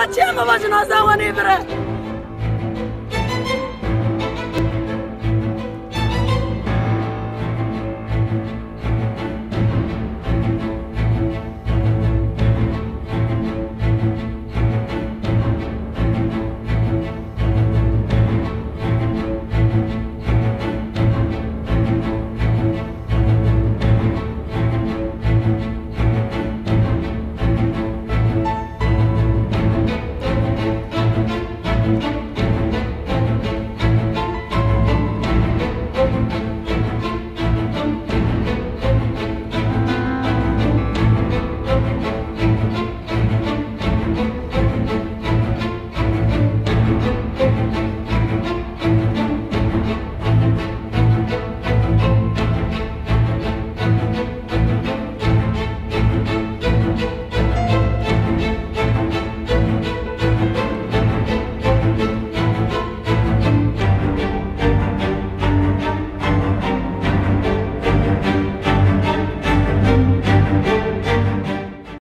Facciamo, facciamo una stava libera! Música